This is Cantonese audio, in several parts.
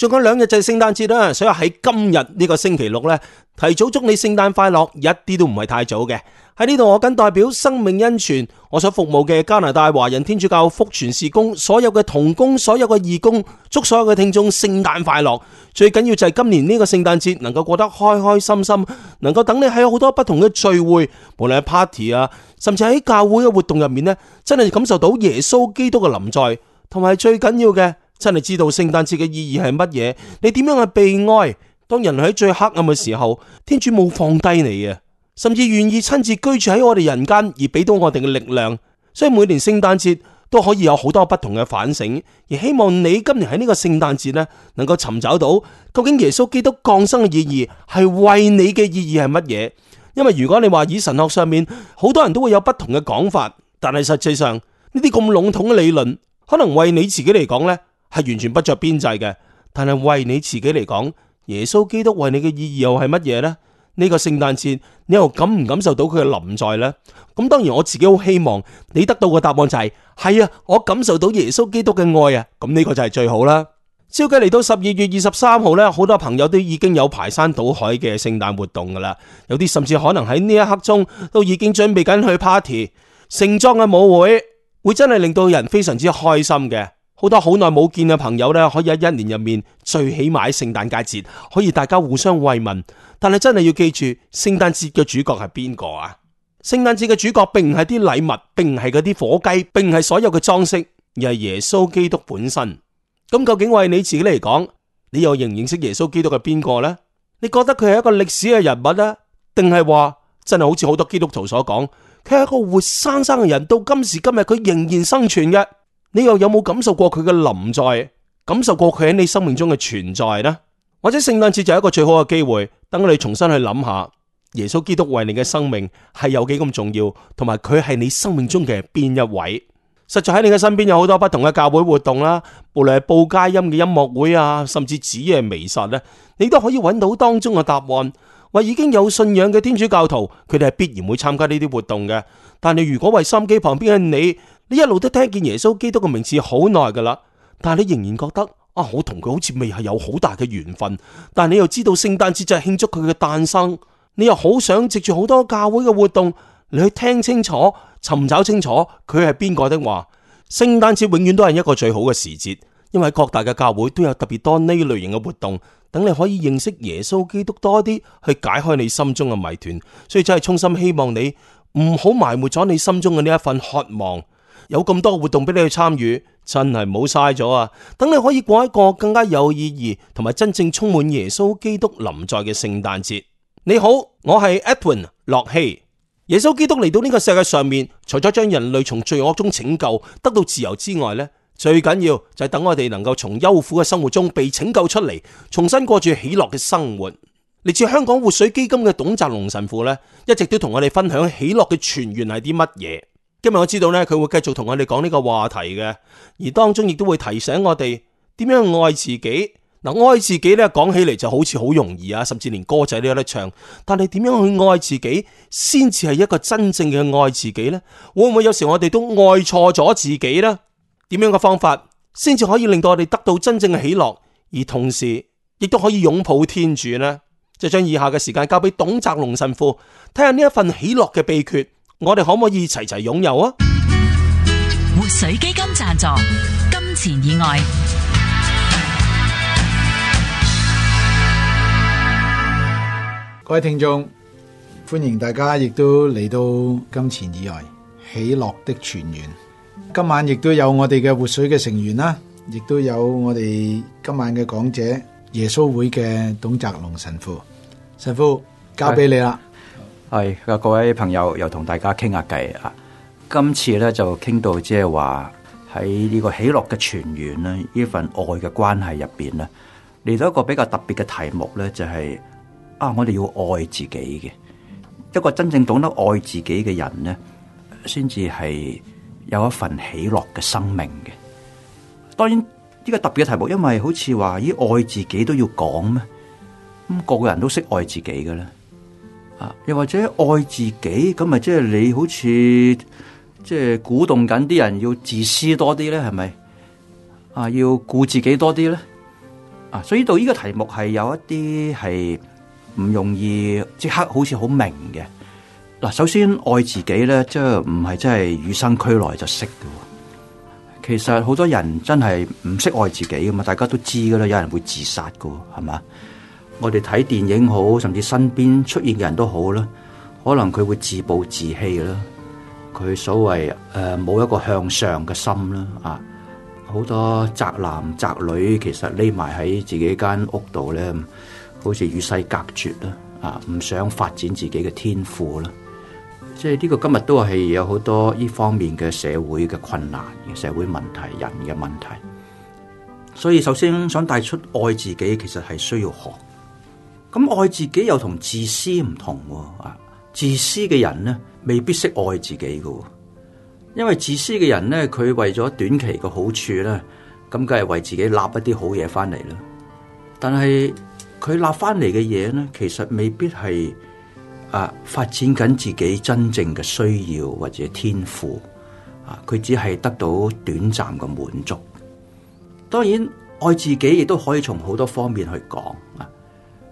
仲有兩日就聖誕節啦，所以喺今日呢個星期六咧，提早祝你聖誕快樂，一啲都唔係太早嘅。喺呢度，我謹代表生命恩泉，我所服務嘅加拿大華人天主教福傳事工所有嘅同工、所有嘅義工，祝所有嘅聽眾聖誕快樂。最緊要就係今年呢個聖誕節能夠過得開開心心，能夠等你喺好多不同嘅聚會，無論係 party 啊，甚至喺教會嘅活動入面呢，真係感受到耶穌基督嘅臨在，同埋最緊要嘅。真係知道聖誕節嘅意義係乜嘢？你點樣去被愛？當人類喺最黑暗嘅時候，天主冇放低你啊，甚至願意親自居住喺我哋人間而俾到我哋嘅力量。所以每年聖誕節都可以有好多不同嘅反省，而希望你今年喺呢個聖誕節呢，能夠尋找到究竟耶穌基督降生嘅意義係為你嘅意義係乜嘢？因為如果你話以神學上面好多人都會有不同嘅講法，但係實際上呢啲咁籠統嘅理論，可能為你自己嚟講呢。係完全不着邊際嘅，但係為你自己嚟講，耶穌基督為你嘅意義又係乜嘢呢？呢、這個聖誕節你又感唔感受到佢嘅臨在呢？咁、嗯、當然我自己好希望你得到嘅答案就係、是、係啊，我感受到耶穌基督嘅愛啊！咁、嗯、呢、這個就係最好啦。照計嚟到十二月二十三號呢，好多朋友都已經有排山倒海嘅聖誕活動噶啦，有啲甚至可能喺呢一刻中都已經準備緊去 party 盛裝嘅舞會，會真係令到人非常之開心嘅。好多好耐冇見嘅朋友咧，可以喺一年入面最起碼喺聖誕佳節節可以大家互相慰問。但係真係要記住，聖誕節嘅主角係邊個啊？聖誕節嘅主角並唔係啲禮物，並唔係嗰啲火雞，並唔係所有嘅裝飾，而係耶穌基督本身。咁究竟為你自己嚟講，你又認唔認識耶穌基督係邊個呢？你覺得佢係一個歷史嘅人物呢？定係話真係好似好多基督徒所講，佢係一個活生生嘅人，到今時今日佢仍然生存嘅？你又有冇感受過佢嘅臨在，感受過佢喺你生命中嘅存在呢？或者聖誕節就係一個最好嘅機會，等你重新去諗下耶穌基督為你嘅生命係有幾咁重要，同埋佢係你生命中嘅邊一位？實在喺你嘅身邊有好多不同嘅教會活動啦，無論係報佳音嘅音樂會啊，甚至子夜彌撒咧，你都可以揾到當中嘅答案。或已經有信仰嘅天主教徒，佢哋係必然會參加呢啲活動嘅。但你如果為心機旁邊嘅你。你一路都聽見耶穌基督嘅名字好耐噶啦，但係你仍然覺得啊，我同佢好似未係有好大嘅緣分。但係你又知道聖誕節就係慶祝佢嘅誕生，你又好想藉住好多教會嘅活動你去聽清楚、尋找清楚佢係邊個的話。聖誕節永遠都係一個最好嘅時節，因為各大嘅教會都有特別多呢類型嘅活動，等你可以認識耶穌基督多啲，去解開你心中嘅謎團。所以真係衷心希望你唔好埋沒咗你心中嘅呢一份渴望。有咁多活動俾你去參與，真係唔好嘥咗啊！等你可以過一個更加有意義同埋真正充滿耶穌基督臨在嘅聖誕節。你好，我係 Edwin 駱曦。耶穌基督嚟到呢個世界上面，除咗將人類從罪惡中拯救得到自由之外咧，最緊要就係等我哋能夠從憂苦嘅生活中被拯救出嚟，重新過住喜樂嘅生活。嚟自香港活水基金嘅董澤龍神父咧，一直都同我哋分享喜樂嘅泉源係啲乜嘢。今日我知道咧，佢會繼續同我哋講呢個話題嘅，而當中亦都會提醒我哋點樣愛自己。嗱，愛自己咧講起嚟，就好似好容易啊，甚至連歌仔都有得唱。但係點樣去愛自己，先至係一個真正嘅愛自己呢？會唔會有時我哋都愛錯咗自己呢？點樣嘅方法先至可以令到我哋得到真正嘅喜樂，而同時亦都可以擁抱天主呢，就將以下嘅時間交俾董澤龍神父，睇下呢一份喜樂嘅秘訣。我哋可唔可以齊齊擁有啊？活水基金贊助，金錢以外，各位聽眾，歡迎大家亦都嚟到金錢以外喜樂的泉源。今晚亦都有我哋嘅活水嘅成員啦，亦都有我哋今晚嘅講者，耶穌會嘅董澤龍神父，神父，交俾你啦。係各位朋友，又同大家傾下偈啊！今次咧就傾到即係話喺呢個喜樂嘅泉源咧，呢份愛嘅關係入邊咧，嚟到一個比較特別嘅題目咧，就係啊，我哋要愛自己嘅一個真正懂得愛自己嘅人咧，先至係有一份喜樂嘅生命嘅。當然呢個特別嘅題目，因為好似話咦愛自己都要講咩？咁個個人都識愛自己嘅咧。啊！又或者愛自己咁咪即係你好似即係鼓動緊啲人要自私多啲咧，係咪啊？要顧自己多啲咧啊！所以到呢個題目係有一啲係唔容易即刻好似好明嘅嗱。首先愛自己咧，即係唔係真係與生俱來就識㗎。其實好多人真係唔識愛自己噶嘛，大家都知噶啦，有人會自殺噶，係嘛？我哋睇電影好，甚至身邊出現嘅人都好啦，可能佢會自暴自棄啦，佢所謂誒冇、呃、一個向上嘅心啦，啊，好多宅男宅女其實匿埋喺自己間屋度咧，好似與世隔絕啦，啊，唔想發展自己嘅天賦啦、啊，即係呢個今日都係有好多呢方面嘅社會嘅困難，社會問題、人嘅問題。所以首先想帶出愛自己，其實係需要學。咁愛自己又同自私唔同喎，啊！自私嘅人呢，未必識愛自己噶，因為自私嘅人呢，佢為咗短期嘅好處呢，咁梗係為自己立一啲好嘢翻嚟啦。但係佢立翻嚟嘅嘢呢，其實未必係啊發展緊自己真正嘅需要或者天賦，啊，佢只係得到短暫嘅滿足。當然，愛自己亦都可以從好多方面去講啊。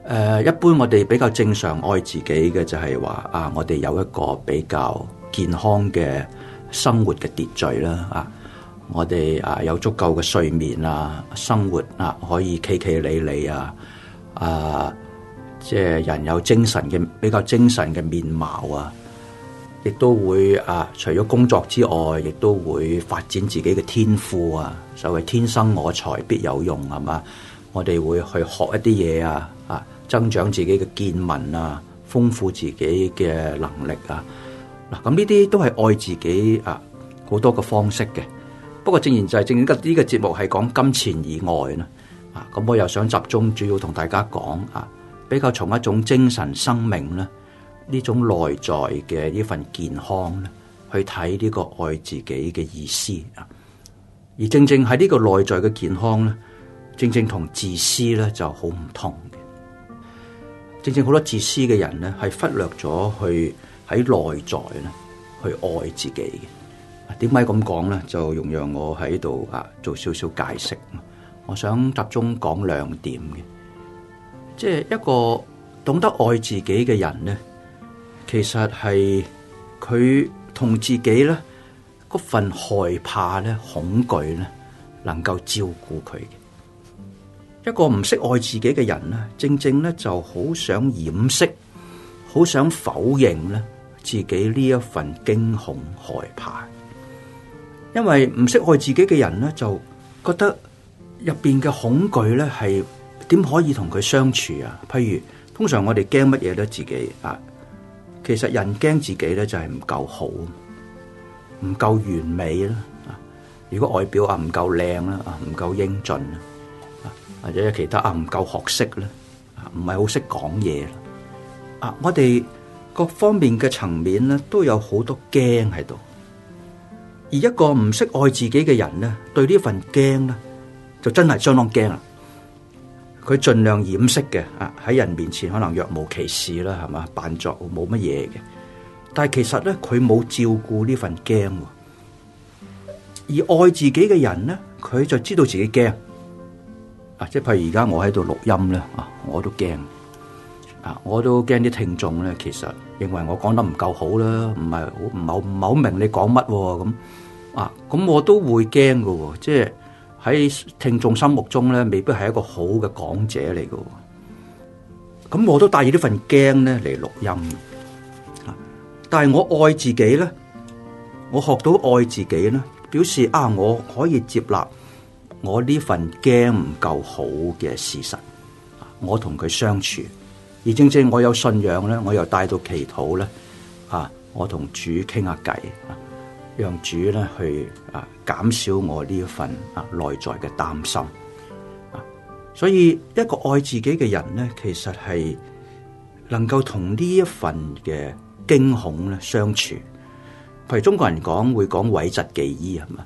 誒、uh, 一般我哋比較正常愛自己嘅就係話啊，uh, 我哋有一個比較健康嘅生活嘅秩序啦啊，uh, 我哋啊、uh, 有足夠嘅睡眠啊，uh, 生活啊、uh, 可以企企理理啊啊，即、uh, 係人有精神嘅比較精神嘅面貌啊，亦、uh, 都會啊、uh, 除咗工作之外，亦都會發展自己嘅天賦啊，uh, 所謂天生我材必有用係嘛，uh, 我哋會去學一啲嘢啊。Uh, 增長自己嘅見聞啊，豐富自己嘅能力啊，嗱咁呢啲都係愛自己啊好多嘅方式嘅。不過正然就係、是、正呢個節目係講金錢以外啦，啊咁、啊、我又想集中主要同大家講啊，比較從一種精神生命咧，呢、啊、種內在嘅呢份健康咧、啊，去睇呢個愛自己嘅意思啊。而正正喺呢個內在嘅健康咧、啊，正正同自私咧就好唔同。正正好多自私嘅人咧，係忽略咗去喺內在咧去愛自己嘅。點解咁講咧？就容讓我喺度啊，做少少解釋。我想集中講兩點嘅，即係一個懂得愛自己嘅人咧，其實係佢同自己咧份害怕咧、恐懼咧，能夠照顧佢嘅。一個唔識愛自己嘅人咧，正正咧就好想掩飾，好想否認咧自己呢一份驚恐害怕。因為唔識愛自己嘅人咧，就覺得入邊嘅恐懼咧係點可以同佢相處啊？譬如通常我哋驚乜嘢咧？自己啊，其實人驚自己咧就係唔夠好，唔夠完美啦。如果外表啊唔夠靚啦，啊唔夠英俊。或者有其他啊唔夠學識啦，啊唔係好識講嘢啦，啊我哋各方面嘅層面咧都有好多驚喺度，而一個唔識愛自己嘅人咧，對呢份驚咧就真係相當驚啊！佢盡量掩飾嘅啊，喺人面前可能若無其事啦，係咪？扮作冇乜嘢嘅，但係其實咧佢冇照顧呢份驚，而愛自己嘅人咧，佢就知道自己驚。啊！即係譬如而家我喺度錄音咧，啊，我都驚，啊，我都驚啲聽眾咧，其實認為我講得唔夠好啦，唔係好唔係唔係好明你講乜咁，啊，咁我都會驚噶，即係喺聽眾心目中咧，未必係一個好嘅講者嚟噶，咁，啊，我都帶住呢份驚咧嚟錄音，啊，但係我愛自己咧，我學到愛自己咧，表示啊，我可以接納。我呢份驚唔夠好嘅事實，我同佢相處，而正正我有信仰咧，我又帶到祈禱咧，啊，我同主傾下偈，讓主咧去啊減少我呢一份啊內在嘅擔心。所以一個愛自己嘅人咧，其實係能夠同呢一份嘅驚恐咧相處。譬如中國人講會講諱疾忌醫係嘛？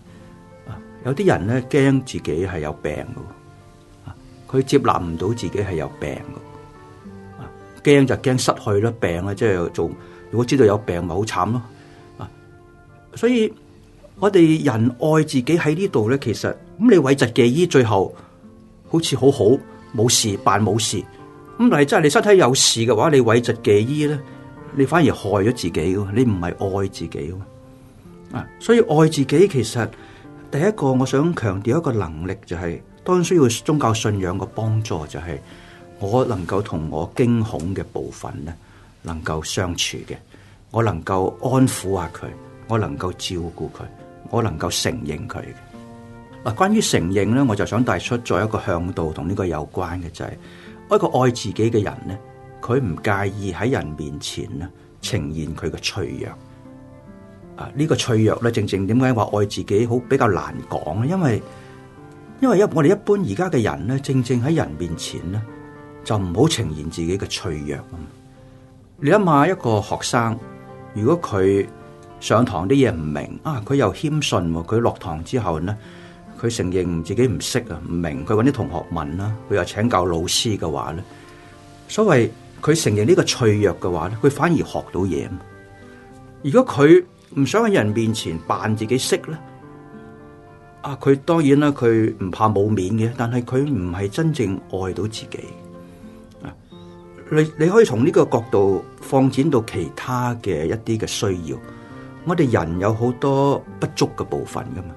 有啲人咧驚自己係有病嘅，佢接納唔到自己係有病嘅，驚就驚失去啦。病啊！即係做如果知道有病咪好慘咯啊！所以我哋人愛自己喺呢度咧，其實咁你諱疾忌醫，最後好似好好冇事，辦冇事。咁但係真係你身體有事嘅話，你諱疾忌醫咧，你反而害咗自己嘅，你唔係愛自己啊！所以愛自己其實。第一個我想強調一個能力就係，當然需要宗教信仰個幫助就係，我能夠同我驚恐嘅部分咧，能夠相處嘅，我能夠安撫下佢，我能夠照顧佢，我能夠承認佢。嗱，關於承認咧，我就想帶出再一個向度同呢個有關嘅就係，我一個愛自己嘅人呢，佢唔介意喺人面前咧，呈現佢嘅脆弱。啊！呢個脆弱咧，正正點解話愛自己好比較難講咧？因為因為一我哋一般而家嘅人咧，正正喺人面前咧，就唔好呈現自己嘅脆弱。你諗下一個學生，如果佢上堂啲嘢唔明啊，佢又謙遜、啊，佢落堂之後咧，佢承認自己唔識啊、唔明，佢揾啲同學問啦、啊，佢又請教老師嘅話咧，所謂佢承認呢個脆弱嘅話咧，佢反而學到嘢。如果佢，唔想喺人面前扮自己識咧，啊！佢當然啦，佢唔怕冇面嘅，但係佢唔係真正愛到自己。啊，你你可以從呢個角度放展到其他嘅一啲嘅需要。我哋人有好多不足嘅部分噶嘛，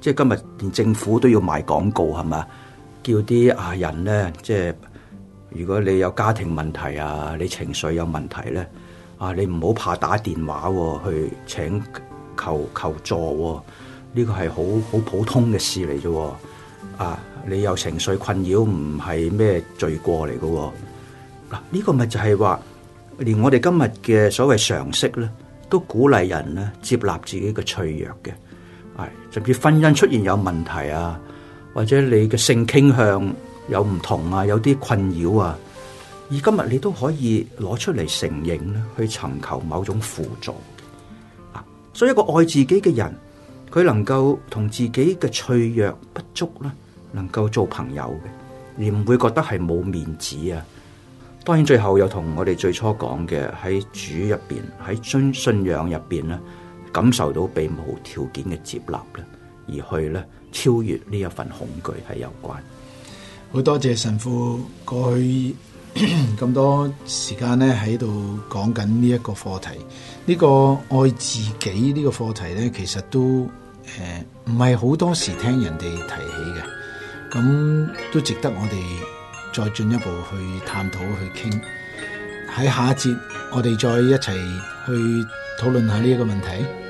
即係今日連政府都要賣廣告係嘛，叫啲啊人咧，即係如果你有家庭問題啊，你情緒有問題咧。啊！你唔好怕打電話、哦、去請求求助、哦，呢、這個係好好普通嘅事嚟啫、哦。啊！你有情緒困擾，唔係咩罪過嚟㗎、哦？嗱，呢個咪就係話，連我哋今日嘅所謂常識咧，都鼓勵人咧接納自己嘅脆弱嘅，係、哎、甚至婚姻出現有問題啊，或者你嘅性傾向有唔同啊，有啲困擾啊。而今日你都可以攞出嚟承認咧，去尋求某種輔助。啊，所以一個愛自己嘅人，佢能夠同自己嘅脆弱不足咧，能夠做朋友嘅，你唔會覺得係冇面子啊。當然最後又同我哋最初講嘅喺主入邊，喺信信仰入邊咧，感受到被無條件嘅接納咧，而去咧超越呢一份恐懼係有關。好多謝神父過去、嗯。咁 多時間咧喺度講緊呢一個課題，呢個愛自己呢個課題咧，其實都誒唔係好多時聽人哋提起嘅，咁都值得我哋再進一步去探討去傾。喺下一節，我哋再一齊去討論下呢一個問題。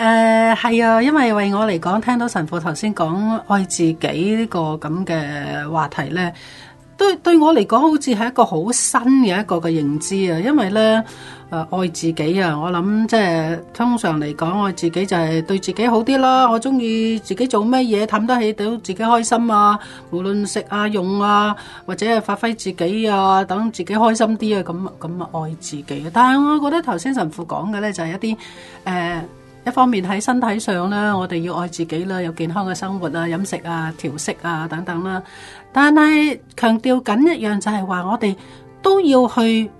誒，係、uh，啊，因為為我嚟講，聽到神父頭先講愛自己呢個咁嘅話題呢，對對我嚟講，好似係一個好新嘅一個嘅認知啊。因為呢，誒、呃，愛自己啊，我諗即係通常嚟講，愛自己就係對自己好啲啦。我中意自己做咩嘢，氹得起到自己開心啊。無論食啊、用啊，或者係發揮自己啊，等自己開心啲啊，咁咁啊，愛自己。但係我覺得頭先神父講嘅呢，就係、是、一啲誒。呃一方面喺身體上啦，我哋要愛自己啦，有健康嘅生活啊、飲食，食啊、調適啊等等啦。但係強調緊一樣就係話，我哋都要去誒、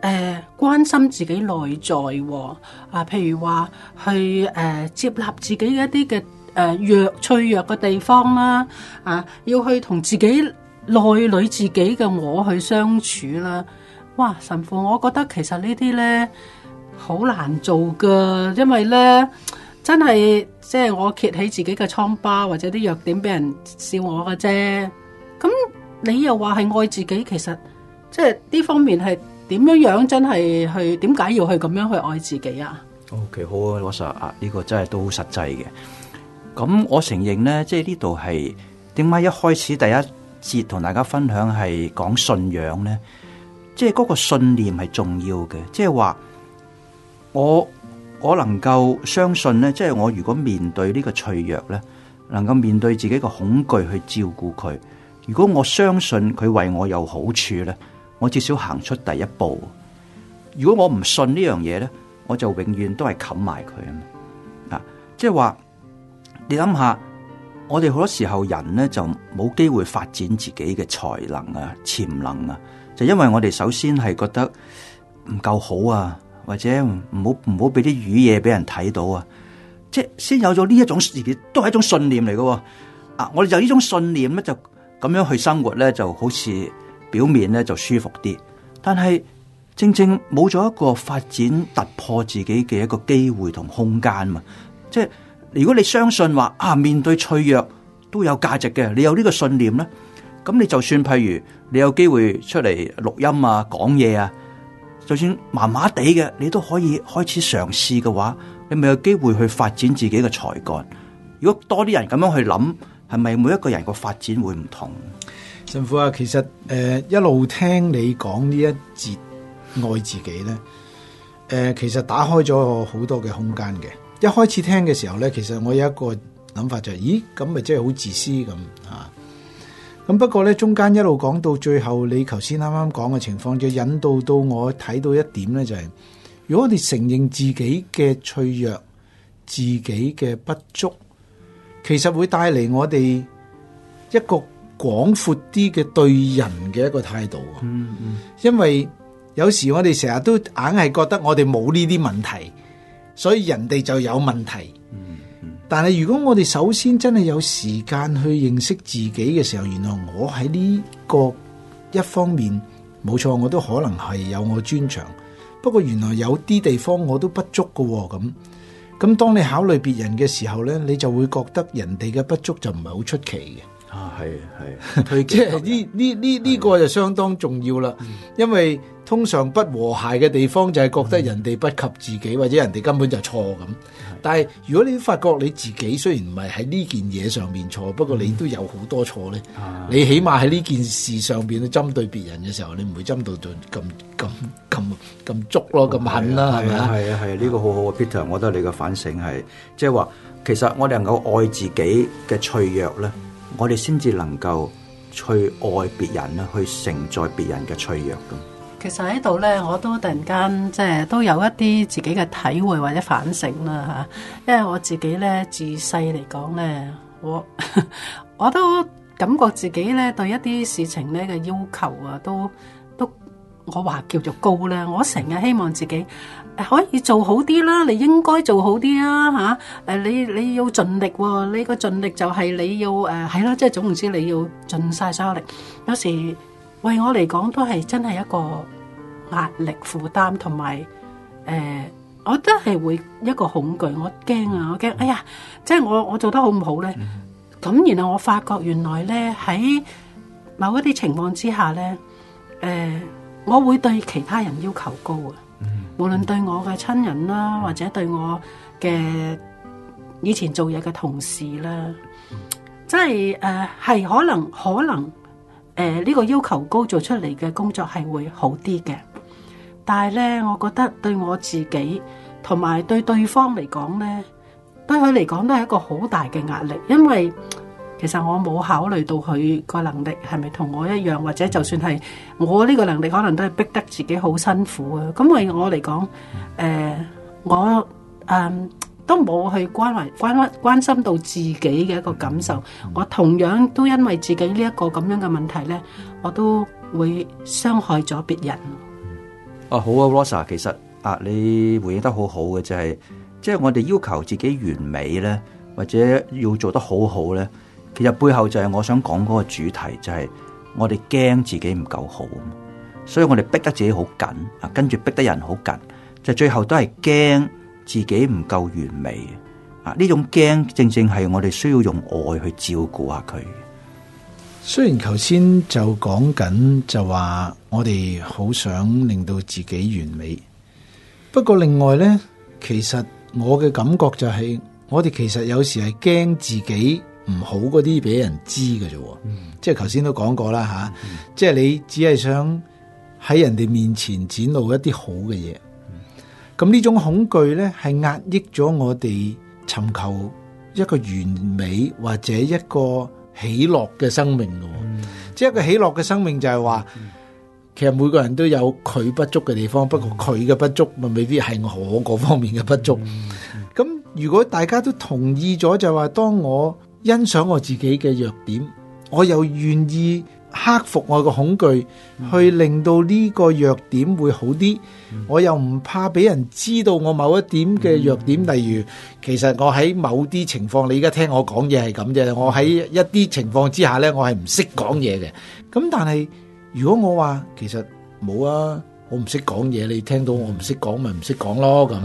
呃、關心自己內在喎、哦。啊，譬如話去誒、呃、接納自己一啲嘅誒弱脆弱嘅地方啦。啊，要去同自己內裏自己嘅我去相處啦。哇！神父，我覺得其實呢啲咧～好難做噶，因為咧，真係即係我揭起自己嘅瘡疤或者啲弱點俾人笑我嘅啫。咁你又話係愛自己，其實即係呢方面係點樣樣真去？真係去點解要去咁樣去愛自己啊？OK，好啊，駱曦啊，呢個真係都好實際嘅。咁我承認咧，即係呢度係點解一開始第一節同大家分享係講信仰咧，即係嗰個信念係重要嘅，即係話。我我能夠相信咧，即係我如果面對呢個脆弱咧，能夠面對自己個恐懼去照顧佢。如果我相信佢為我有好處咧，我至少行出第一步。如果我唔信呢樣嘢咧，我就永遠都係冚埋佢啊！啊，即係話你諗下，我哋好多時候人咧就冇機會發展自己嘅才能啊、潛能啊，就因為我哋首先係覺得唔夠好啊。或者唔好唔好俾啲雨嘢俾人睇到啊！即係先有咗呢一種，自己都係一種信念嚟嘅。啊，我哋就呢種信念咧，就咁樣去生活咧，就好似表面咧就舒服啲。但係正正冇咗一個發展突破自己嘅一個機會同空間嘛。即係如果你相信話啊，面對脆弱都有價值嘅，你有呢個信念咧，咁你就算譬如你有機會出嚟錄音啊、講嘢啊。就算麻麻地嘅，你都可以開始嘗試嘅話，你咪有機會去發展自己嘅才幹。如果多啲人咁樣去諗，係咪每一個人個發展會唔同？神父啊，其實誒、呃、一路聽你講呢一節愛自己咧，誒、呃、其實打開咗好多嘅空間嘅。一開始聽嘅時候咧，其實我有一個諗法就係、是，咦咁咪真係好自私咁啊！咁不過咧，中間一路講到最後，你頭先啱啱講嘅情況，就引導到我睇到一點咧，就係、是、如果你承認自己嘅脆弱、自己嘅不足，其實會帶嚟我哋一個廣闊啲嘅對人嘅一個態度。嗯嗯、mm，hmm. 因為有時我哋成日都硬係覺得我哋冇呢啲問題，所以人哋就有問題。嗯、mm。Hmm. 但係如果我哋首先真係有時間去認識自己嘅時候，原來我喺呢個一方面冇錯，我都可能係有我專長。不過原來有啲地方我都不足噶，哦，咁咁當你考慮別人嘅時候呢，你就會覺得人哋嘅不足就唔係好出奇嘅。啊，係係，即係呢呢呢呢個就相當重要啦。嗯、因為通常不和諧嘅地方就係覺得人哋不及自己，嗯、或者人哋根本就錯咁。但係，如果你發覺你自己雖然唔係喺呢件嘢上面錯，不過你都有好多錯咧，嗯、你起碼喺呢件事上邊咧針對別人嘅時候，你唔會針對到咁咁咁咁足咯，咁、嗯、狠啦，係咪啊？係啊係啊，呢、啊啊呢個好好嘅 Peter，我覺得你嘅反省係，即係話，其實我哋能夠愛自己嘅脆弱咧，我哋先至能夠去愛別人啦，去承載別人嘅脆弱。其實喺度咧，我都突然間即係都有一啲自己嘅體會或者反省啦吓，因為我自己咧自細嚟講咧，我我都感覺自己咧對一啲事情咧嘅要求啊，都都我話叫做高咧。我成日希望自己可以做好啲啦，你應該做好啲啊吓。誒，你你要盡力，你個盡力就係你要誒係啦，即係總言之你要盡晒所有力。有時為我嚟講都係真係一個。壓力負擔同埋誒，我都係會一個恐懼，我驚啊，我驚，哎呀，即係我我做得好唔好咧？咁然後我發覺原來咧，喺某一啲情況之下咧，誒、呃，我會對其他人要求高啊，mm hmm. 無論對我嘅親人啦，或者對我嘅以前做嘢嘅同事啦，mm hmm. 即係誒係可能可能誒呢、呃這個要求高，做出嚟，嘅工作係會好啲嘅。但係咧，我覺得對我自己同埋對對方嚟講咧，對佢嚟講都係一個好大嘅壓力。因為其實我冇考慮到佢個能力係咪同我一樣，或者就算係我呢個能力，可能都係逼得自己好辛苦啊。咁為我嚟講，誒我嗯都冇去關懷關關心到自己嘅一個感受。我同樣都因為自己呢一個咁樣嘅問題咧，我都會傷害咗別人。啊，好啊 r o s a 其實啊，你回應得好好嘅就係、是，即、就、係、是，我哋要求自己完美咧，或者要做得好好咧，其實背後就係我想講嗰個主題就係、是，我哋驚自己唔夠好，所以我哋逼得自己好緊啊，跟住逼得人好緊，就最後都係驚自己唔夠完美啊，呢種驚正正係我哋需要用愛去照顧下佢。雖然頭先就講緊就話。我哋好想令到自己完美，不過另外呢，其實我嘅感覺就係、是，我哋其實有時係驚自己唔好嗰啲俾人知嘅啫。嗯、即係頭先都講過啦，吓、啊，嗯、即係你只係想喺人哋面前展露一啲好嘅嘢。咁呢、嗯、種恐懼呢，係壓抑咗我哋尋求一個完美，或者一個喜樂嘅生命嘅。嗯、即係一個喜樂嘅生命就，就係話。其實每個人都有佢不足嘅地方，嗯、不過佢嘅不足咪未必係我嗰方面嘅不足。咁、嗯嗯、如果大家都同意咗，就話、是、當我欣賞我自己嘅弱點，我又願意克服我個恐懼，嗯、去令到呢個弱點會好啲。嗯、我又唔怕俾人知道我某一點嘅弱點，嗯嗯、例如其實我喺某啲情況，你而家聽我講嘢係咁嘅。我喺一啲情況之下咧，我係唔識講嘢嘅。咁但係。如果我話其實冇啊，我唔識講嘢，你聽到我唔識講咪唔識講咯。咁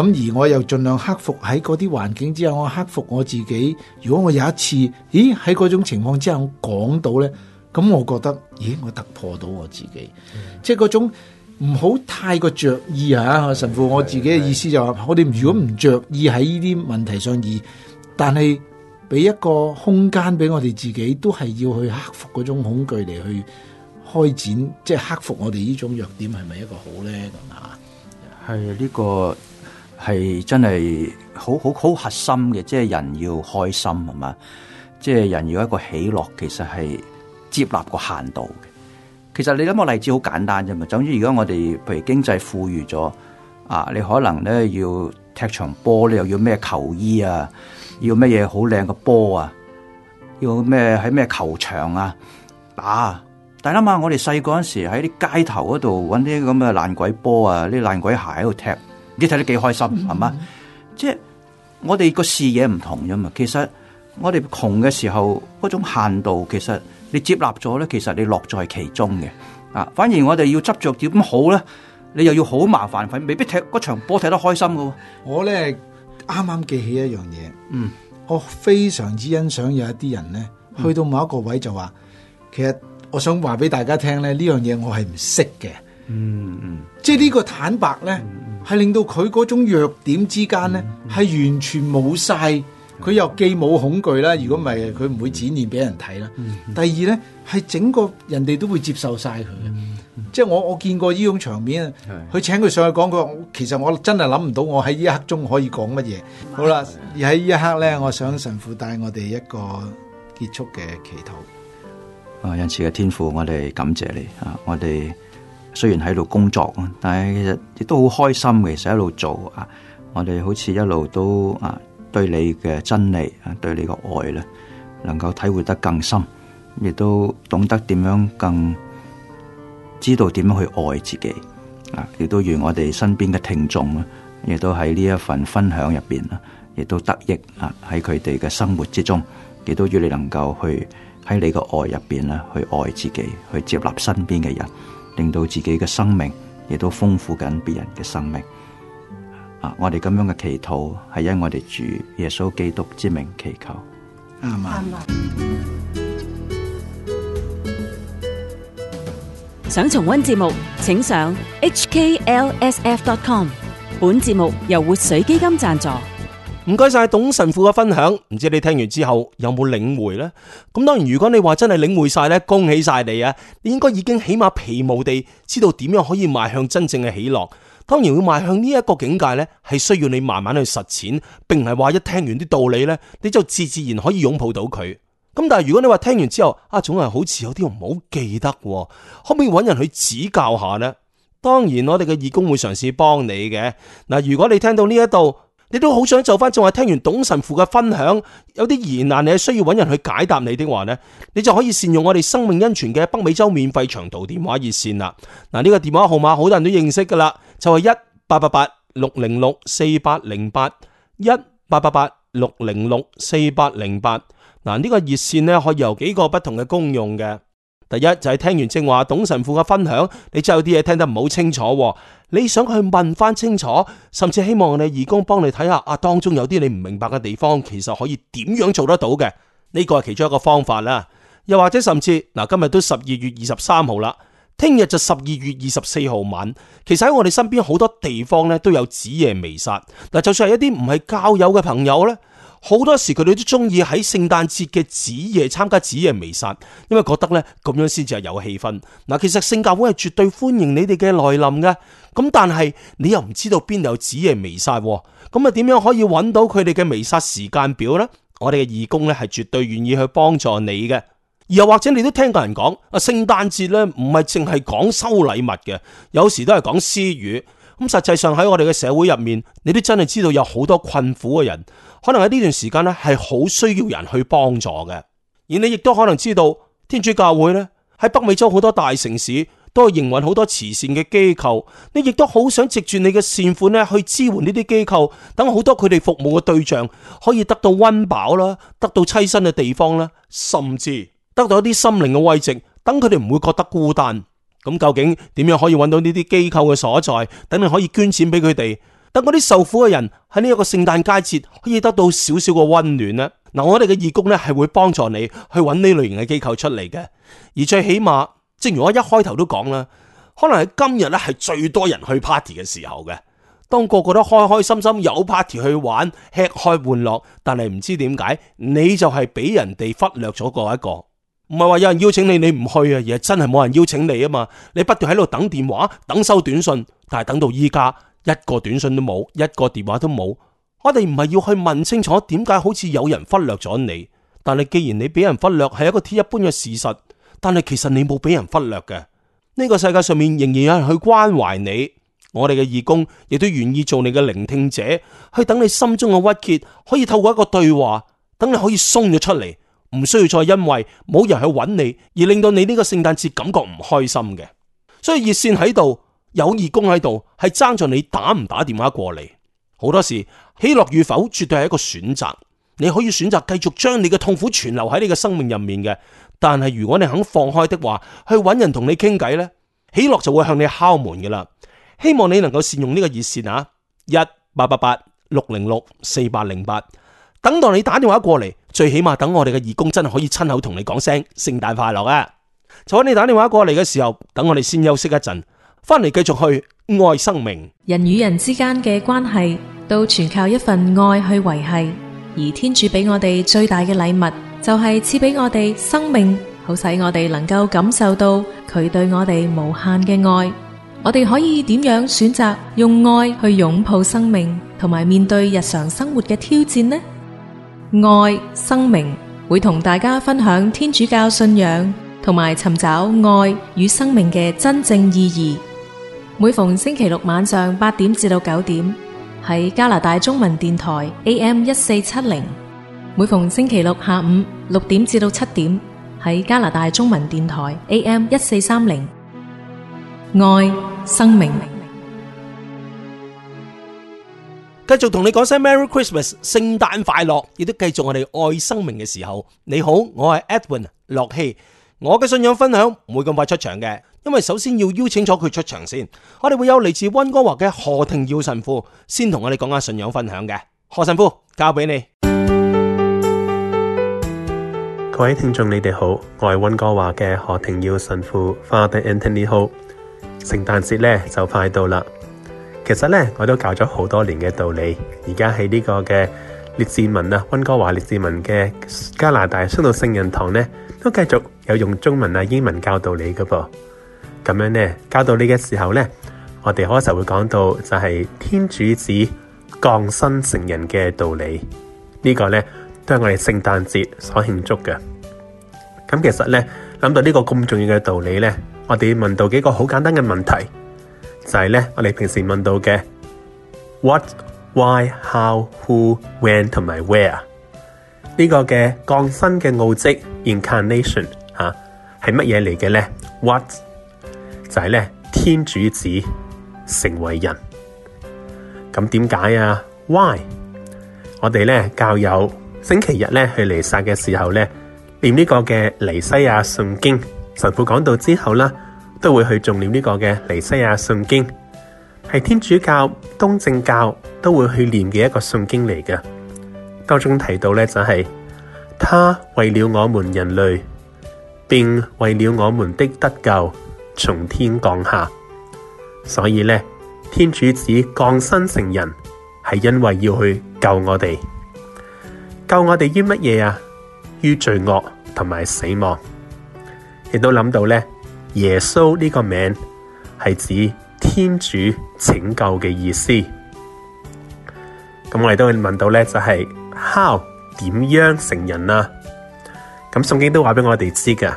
咁是而我又盡量克服喺嗰啲環境之下。我克服我自己。如果我有一次，咦喺嗰種情況之下講到咧，咁我覺得，咦我突破到我自己，即係嗰種唔好太過着意吓、啊、神父。我自己嘅意思就話，是是是我哋如果唔着意喺呢啲問題上而，嗯、但係俾一個空間俾我哋自己，都係要去克服嗰種恐懼嚟去。開展即係克服我哋呢種弱點，係咪一個好咧？咁啊，係、這、呢個係真係好好好核心嘅。即係人要開心，係嘛？即係人要一個喜樂，其實係接納個限度嘅。其實你諗個例子好簡單啫嘛。總之，而家我哋譬如經濟富裕咗啊，你可能咧要踢場波，你又要咩球衣啊，要咩嘢，好靚嘅波啊，要咩喺咩球場啊打啊。係啦嘛，我哋細個嗰時喺啲街頭嗰度揾啲咁嘅爛鬼波啊，啲爛鬼鞋喺度踢，你睇得幾開心係嘛？嗯、嗎即係我哋個視野唔同啫嘛。其實我哋窮嘅時候嗰種限度，其實你接納咗咧，其實你樂在其中嘅啊。反而我哋要執着點好咧，你又要好麻煩，佢未必踢嗰場波踢得開心噶。我咧啱啱記起一樣嘢，嗯，我非常之欣賞有一啲人咧，去到某一個位就話，其實。我想話俾大家聽咧，呢樣嘢我係唔識嘅，嗯，即係呢個坦白咧，係令到佢嗰種弱點之間咧，係完全冇晒，佢又既冇恐懼啦，如果唔係佢唔會展現俾人睇啦。第二咧係整個人哋都會接受晒佢，即係我我見過呢種場面啊，佢請佢上去講，佢其實我真係諗唔到我喺呢一刻中可以講乜嘢。好啦，喺呢一刻咧，我想神父帶我哋一個結束嘅祈禱。啊！仁慈嘅天父，我哋感謝你啊！我哋雖然喺度工作，但係其實亦都好開心嘅，其實一路做啊！我哋好似一路都啊，對你嘅真理啊，對你個愛咧，能夠體會得更深，亦都懂得點樣更知道點樣去愛自己啊！亦都願我哋身邊嘅聽眾啊，亦都喺呢一份分享入邊啊，亦都得益啊，喺佢哋嘅生活之中，亦都願你能夠去。喺你嘅愛入邊咧，去愛自己，去接納身邊嘅人，令到自己嘅生命亦都豐富緊別人嘅生命。嗯、啊！我哋咁樣嘅祈禱，係因我哋主耶穌基督之名祈求。阿們、嗯，嗯、想重溫節目，請上 hklsf.com。本節目由活水基金贊助。唔該晒，董神父嘅分享，唔知你聽完之後有冇領會呢？咁當然，如果你話真係領會晒呢，恭喜晒你啊！你應該已經起碼皮毛地知道點樣可以邁向真正嘅喜樂。當然，要邁向呢一個境界呢，係需要你慢慢去實踐，並唔係話一聽完啲道理呢，你就自自然可以擁抱到佢。咁但係如果你話聽完之後啊，總係好似有啲唔好記得，可唔可以揾人去指教下呢？當然，我哋嘅義工會嘗試幫你嘅。嗱，如果你聽到呢一度，你都好想做翻，仲係聽完董神父嘅分享，有啲疑難，你需要揾人去解答你的話呢，你就可以善用我哋生命恩泉嘅北美洲免費長途電話熱線啦。嗱，呢個電話號碼好多人都認識噶啦就係一八八八六零六四八零八一八八八六零六四八零八。嗱，呢、呢個熱線呢，可以由幾個不同嘅功用嘅。第一就係、是、聽完正話，董神父嘅分享，你真係有啲嘢聽得唔好清楚，你想去問翻清楚，甚至希望你哋義工幫你睇下，啊當中有啲你唔明白嘅地方，其實可以點樣做得到嘅？呢個係其中一個方法啦。又或者甚至嗱、啊，今日都十二月二十三號啦，聽日就十二月二十四號晚，其實喺我哋身邊好多地方咧都有子夜彌撒。嗱、啊，就算係一啲唔係教友嘅朋友咧。好多時佢哋都中意喺聖誕節嘅子夜參加子夜彌撒，因為覺得咧咁樣先至係有氣氛。嗱，其實聖教會係絕對歡迎你哋嘅來臨嘅。咁但係你又唔知道邊度有子夜彌撒，咁啊點樣可以搵到佢哋嘅彌撒時間表呢？我哋嘅義工咧係絕對願意去幫助你嘅。而又或者你都聽過人講，啊聖誕節咧唔係淨係講收禮物嘅，有時都係講私語。咁實際上喺我哋嘅社會入面，你都真係知道有好多困苦嘅人，可能喺呢段時間咧係好需要人去幫助嘅。而你亦都可能知道，天主教會咧喺北美洲好多大城市都係營運好多慈善嘅機構，你亦都好想藉住你嘅善款咧去支援呢啲機構，等好多佢哋服務嘅對象可以得到温飽啦，得到棲身嘅地方啦，甚至得到一啲心靈嘅慰藉，等佢哋唔會覺得孤單。咁究竟點樣可以揾到呢啲機構嘅所在，等你可以捐錢俾佢哋，等嗰啲受苦嘅人喺呢一個聖誕佳節節可以得到少少嘅溫暖呢？嗱，我哋嘅義工呢係會幫助你去揾呢類型嘅機構出嚟嘅。而最起碼，正如我一開頭都講啦，可能喺今日呢係最多人去 party 嘅時候嘅，當個個都開開心心有 party 去玩，吃開玩樂，但係唔知點解你就係俾人哋忽略咗嗰一個。唔係話有人邀請你，你唔去啊！而真係冇人邀請你啊嘛！你不斷喺度等電話、等收短信，但係等到依家一個短信都冇，一個電話都冇。我哋唔係要去問清楚點解好似有人忽略咗你，但係既然你俾人忽略係一個鐵一般嘅事實，但係其實你冇俾人忽略嘅。呢個世界上面仍然有人去關懷你，我哋嘅義工亦都願意做你嘅聆聽者，去等你心中嘅鬱結可以透過一個對話，等你可以鬆咗出嚟。唔需要再因為冇人去揾你而令到你呢個聖誕節感覺唔開心嘅，所以熱線喺度，有義工喺度，係爭在你打唔打電話過嚟。好多時喜樂與否絕對係一個選擇，你可以選擇繼續將你嘅痛苦存留喺你嘅生命入面嘅，但係如果你肯放開的話，去揾人同你傾偈呢，喜樂就會向你敲門嘅啦。希望你能夠善用呢個熱線啊，一八八八六零六四八零八，等待你打電話過嚟。最起碼等我哋嘅義工真係可以親口同你講聲聖誕快樂啊！就喺你打電話過嚟嘅時候，等我哋先休息一陣，翻嚟繼續去愛生命。人與人之間嘅關係都全靠一份愛去維繫，而天主俾我哋最大嘅禮物就係賜俾我哋生命，好使我哋能夠感受到佢對我哋無限嘅愛。我哋可以點樣選擇用愛去擁抱生命，同埋面對日常生活嘅挑戰呢？愛生命會同大家分享天主教信仰，同埋尋找愛與生命嘅真正意義。每逢星期六晚上八點至到九點，喺加拿大中文電台 AM 一四七零；每逢星期六下午六點至到七點，喺加拿大中文電台 AM 一四三零。愛生命。繼續同你講聲 Merry Christmas，聖誕快樂！亦都繼續我哋愛生命嘅時候，你好，我係 Edwin 駱曦。我嘅信仰分享唔會咁快出場嘅，因為首先要邀請咗佢出場先。我哋會有嚟自溫哥華嘅何庭耀神父先同我哋講下信仰分享嘅。何神父，交俾你。各位聽眾，你哋好，我係溫哥華嘅何庭耀神父，Father Anthony。好，聖誕節咧就快到啦。其實咧，我都教咗好多年嘅道理。而家喺呢個嘅列治文啊，溫哥華列治文嘅加拿大宣道聖人堂咧，都繼續有用中文啊、英文教道理噶噃。咁樣咧，教到呢嘅時候咧，我哋開時會講到就係天主子降生成人嘅道理。這個、呢個咧都係我哋聖誕節所慶祝嘅。咁其實咧諗到呢個咁重要嘅道理咧，我哋問到幾個好簡單嘅問題。就係咧，我哋平時問到嘅 What、Why、How、Who、When 同埋 Where 呢個嘅降生嘅奧跡 Incarnation 吓、啊、係乜嘢嚟嘅咧？What 就係咧，天主子成為人，咁點解啊？Why 我哋咧，教友星期日咧去彌撒嘅時候咧念呢個嘅尼西亞信經，神父講道之後啦。都會去重念這個尼西亞信經，是天主教、東正教都會去念的一個信經來的。當中提到呢，就是，他為了我們人類，並為了我們的得救，從天降下。所以呢，天主子降生成人，是因為要去救我哋。救我哋於乜嘢啊？於罪惡，同埋死亡。亦都諗到呢，耶穌呢個名係指天主拯救嘅意思。咁我哋都會問到呢，就係、是、how 點樣成人啊？咁聖經都話俾我哋知嘅，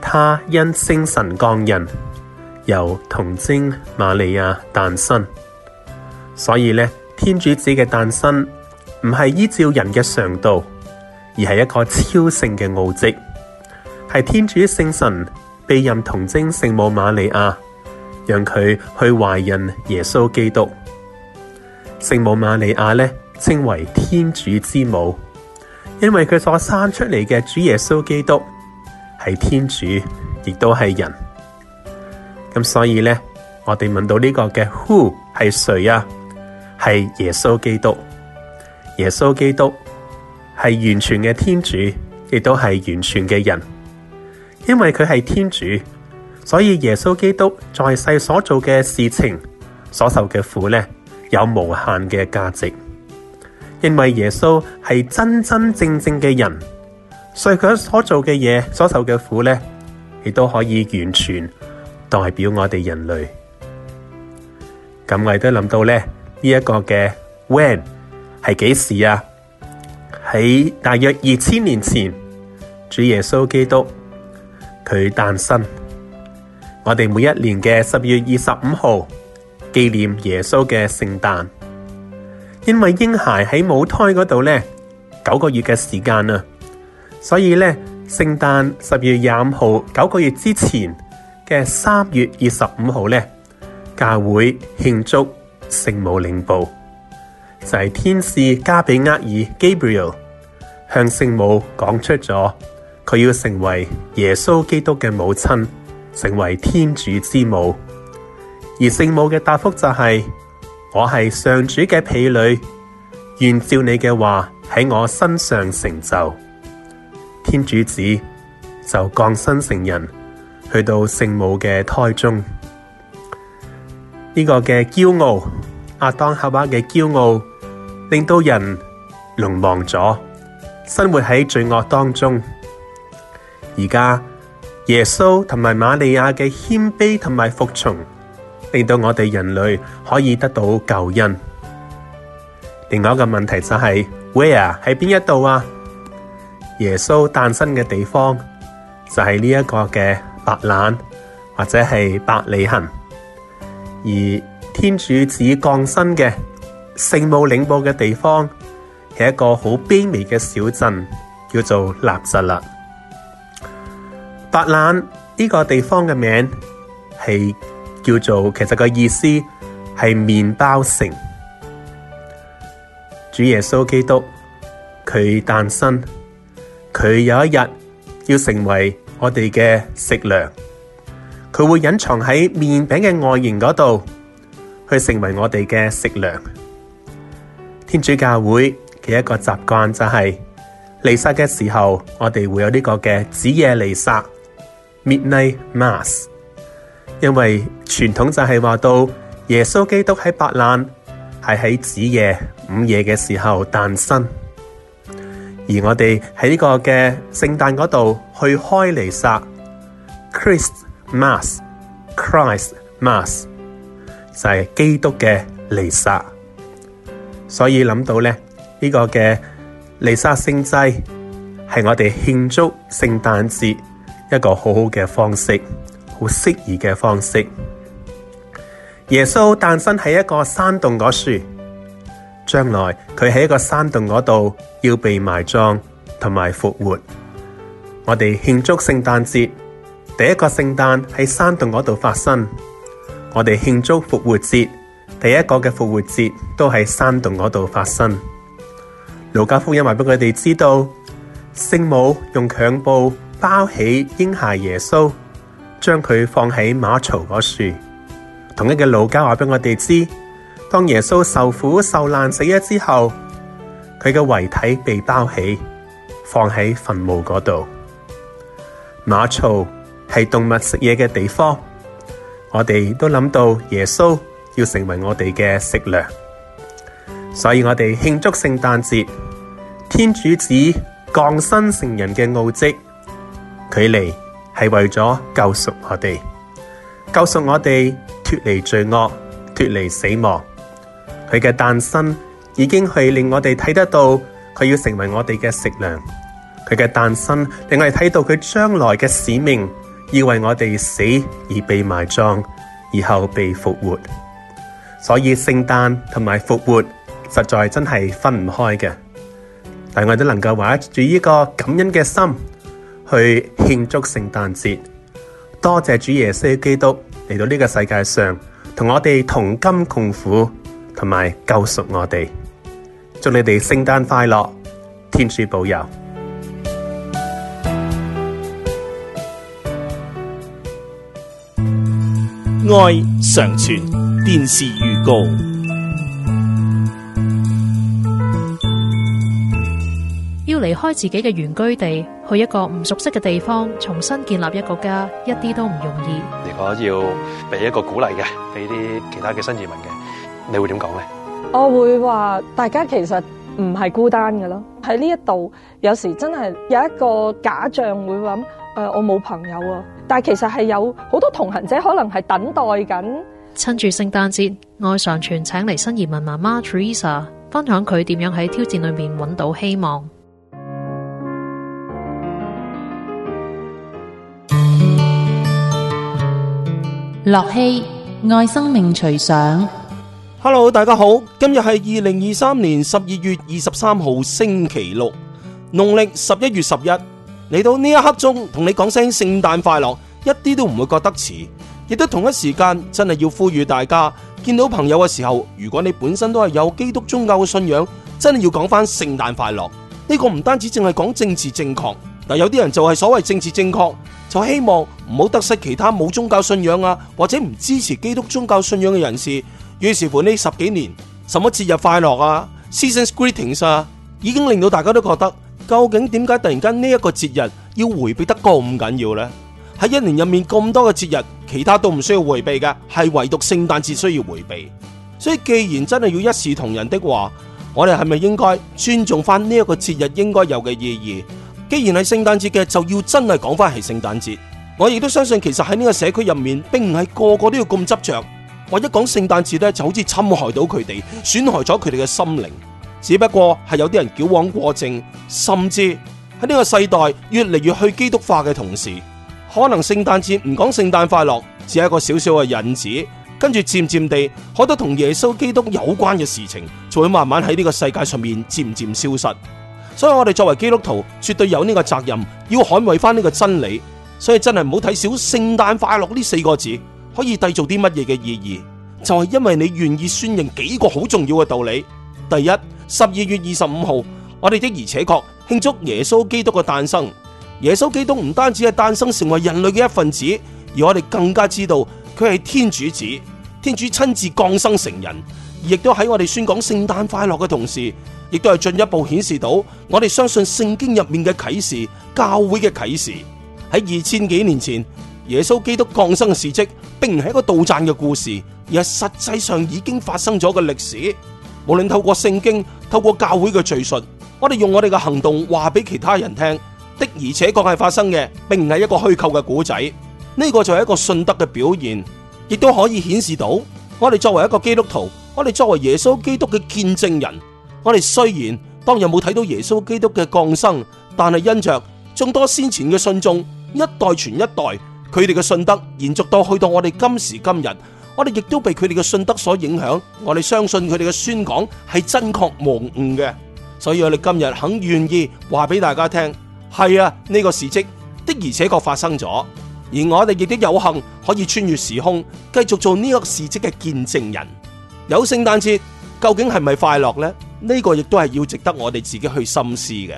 他因聖神降人，由童貞瑪利亞誕生。所以呢，天主子嘅誕生唔係依照人嘅常道，而係一個超聖嘅奧蹟，係天主聖神。被任童貞聖母瑪利亞，讓佢去懷孕耶穌基督。聖母瑪利亞呢，稱為天主之母，因為佢所生出嚟嘅主耶穌基督係天主，亦都係人。咁所以呢，我哋問到呢個嘅 who 係誰啊？係耶穌基督。耶穌基督係完全嘅天主，亦都係完全嘅人。因為佢係天主，所以耶穌基督在世所做嘅事情，所受嘅苦呢，有無限嘅價值。因為耶穌係真真正正嘅人，所以佢所做嘅嘢，所受嘅苦呢，亦都可以完全代表我哋人類。咁我亦都諗到咧，呢一個嘅 when 係幾時啊？喺大約二千年前，主耶穌基督。佢誕生，我哋每一年嘅十月二十五號紀念耶穌嘅聖誕，因為嬰孩喺母胎嗰度咧九個月嘅時間啊，所以咧聖誕十月廿五號九個月之前嘅三月二十五號咧，教會慶祝聖母領報，就係、是、天使加比厄爾 Gabriel 向聖母講出咗。佢要成為耶穌基督嘅母親，成為天主之母。而聖母嘅答覆就係、是：我係上主嘅婢女，願照你嘅話喺我身上成就。天主子就降生成人，去到聖母嘅胎中。呢、這個嘅驕傲，亞當夏娃嘅驕傲，令到人淪亡咗，生活喺罪惡當中。而家耶穌同埋瑪利亞嘅謙卑同埋服從，令到我哋人類可以得到救恩。另外一個問題就係、是、where 喺邊一度啊？耶穌誕生嘅地方就係呢一個嘅白冷或者係伯利恒。而天主子降生嘅聖母領報嘅地方係一個好卑微嘅小鎮，叫做納匝肋。白蘭呢個地方嘅名係叫做，其實個意思係麵包城。主耶穌基督佢誕生，佢有一日要成為我哋嘅食糧，佢會隱藏喺麵餅嘅外形嗰度，去成為我哋嘅食糧。天主教會嘅一個習慣就係，彌撒嘅時候，我哋會有呢個嘅子夜彌撒。Midnight Mass，因為傳統就係話到耶穌基督喺白冷係喺子夜午夜嘅時候誕生，而我哋喺呢個嘅聖誕嗰度去開彌撒，Christ Mass，Christ Mass 就係基督嘅彌撒，所以諗到咧呢、呢個嘅彌撒聖祭係我哋慶祝聖誕節。一個好好嘅方式，好適宜嘅方式。耶穌誕生喺一個山洞嗰樹，將來佢喺一個山洞嗰度要被埋葬同埋復活。我哋慶祝聖誕節，第一個聖誕喺山洞嗰度發生。我哋慶祝復活節，第一個嘅復活節都喺山洞嗰度發生。路加福音話俾我哋知道，聖母用襁褓。包起嬰孩耶穌，將佢放喺馬槽嗰處。同一個路加話俾我哋知，當耶穌受苦受難死咗之後，佢嘅遺體被包起，放喺墳墓嗰度。馬槽係動物食嘢嘅地方，我哋都諗到耶穌要成為我哋嘅食糧，所以我哋慶祝聖誕節。天主子降生成人嘅奧跡。佢嚟係為咗救贖我哋，救贖我哋脱離罪惡，脱離死亡。佢嘅誕生已經係令我哋睇得到佢要成為我哋嘅食糧。佢嘅誕生令我哋睇到佢將來嘅使命，要為我哋死而被埋葬，而後被復活。所以聖誕同埋復活實在真係分唔開嘅。但係我哋都能夠懷住呢個感恩嘅心。去慶祝聖誕節，多謝主耶穌基督嚟到呢個世界上，同我哋同甘共苦，同埋救贖我哋。祝你哋聖誕快樂，天主保佑。愛常存，電視預告。離開自己嘅原居地，去一個唔熟悉嘅地方，重新建立一個家，一啲都唔容易。如果要俾一個鼓勵嘅俾啲其他嘅新移民嘅，你會點講咧？我會話大家其實唔係孤單噶咯。喺呢一度，有時真係有一個假象會諗誒、呃，我冇朋友啊。但係其實係有好多同行者，可能係等待緊。趁住聖誕節，愛上傳請嚟新移民媽媽 Teresa 分享佢點樣喺挑戰裏面揾到希望。樂器愛生命隨想，Hello，大家好，今日係二零二三年十二月二十三號星期六，農曆十一月十一，嚟到呢一刻鐘同你講聲聖誕快樂，一啲都唔會覺得遲，亦都同一時間真係要呼籲大家，見到朋友嘅時候，如果你本身都係有基督宗教嘅信仰，真係要講翻聖誕快樂，呢、這個唔單止淨係講政治正確。嗱，有啲人就係所謂政治正確，就希望唔好得失其他冇宗教信仰啊，或者唔支持基督宗教信仰嘅人士。於是乎呢十幾年，什麼節日快樂啊，Seasons Greetings 啊，已經令到大家都覺得究竟點解突然間呢一個節日要回避得咁緊要呢？喺一年入面咁多嘅節日，其他都唔需要回避嘅，係唯獨聖誕節需要回避。所以既然真係要一視同仁的話，我哋係咪應該尊重翻呢一個節日應該有嘅意義？既然係聖誕節嘅，就要真係講返係聖誕節。我亦都相信，其實喺呢個社區入面，並唔係個個都要咁執着。我一講聖誕節咧，就好似侵害到佢哋，損害咗佢哋嘅心靈。只不過係有啲人矯枉過正，甚至喺呢個世代越嚟越去基督化嘅同時，可能聖誕節唔講聖誕快樂，只係一個少少嘅引子，跟住漸漸地，好多同耶穌基督有關嘅事情，就會慢慢喺呢個世界上面漸漸消失。所以我哋作為基督徒，絕對有呢個責任，要捍衛翻呢個真理。所以真係唔好睇小聖誕快樂呢四個字，可以締造啲乜嘢嘅意義？就係因為你願意宣揚幾個好重要嘅道理。第一，十二月二十五號，我哋的而且確慶祝耶穌基督嘅誕生。耶穌基督唔單止係誕生成為人類嘅一份子，而我哋更加知道佢係天主子，天主親自降生成人，亦都喺我哋宣講聖誕快樂嘅同時。亦都係進一步顯示到，我哋相信聖經入面嘅啟示、教會嘅啟示，喺二千幾年前耶穌基督降生嘅事蹟，並唔係一個杜撰嘅故事，而係實際上已經發生咗嘅歷史。無論透過聖經、透過教會嘅敘述，我哋用我哋嘅行動話俾其他人聽的的而且確係發生嘅，並唔係一個虛構嘅故仔。呢、這個就係一個信德嘅表現，亦都可以顯示到，我哋作為一個基督徒，我哋作為耶穌基督嘅見證人。我哋雖然當日冇睇到耶穌基督嘅降生，但係因着眾多先前嘅信眾一代傳一代，佢哋嘅信德延續到去到我哋今時今日，我哋亦都被佢哋嘅信德所影響。我哋相信佢哋嘅宣講係真確無誤嘅，所以我哋今日肯願意話俾大家聽，係啊，呢個事蹟的而且確發生咗，而我哋亦都有幸可以穿越時空，繼續做呢個事蹟嘅見證人。有聖誕節，究竟係咪快樂呢？呢個亦都係要值得我哋自己去深思嘅。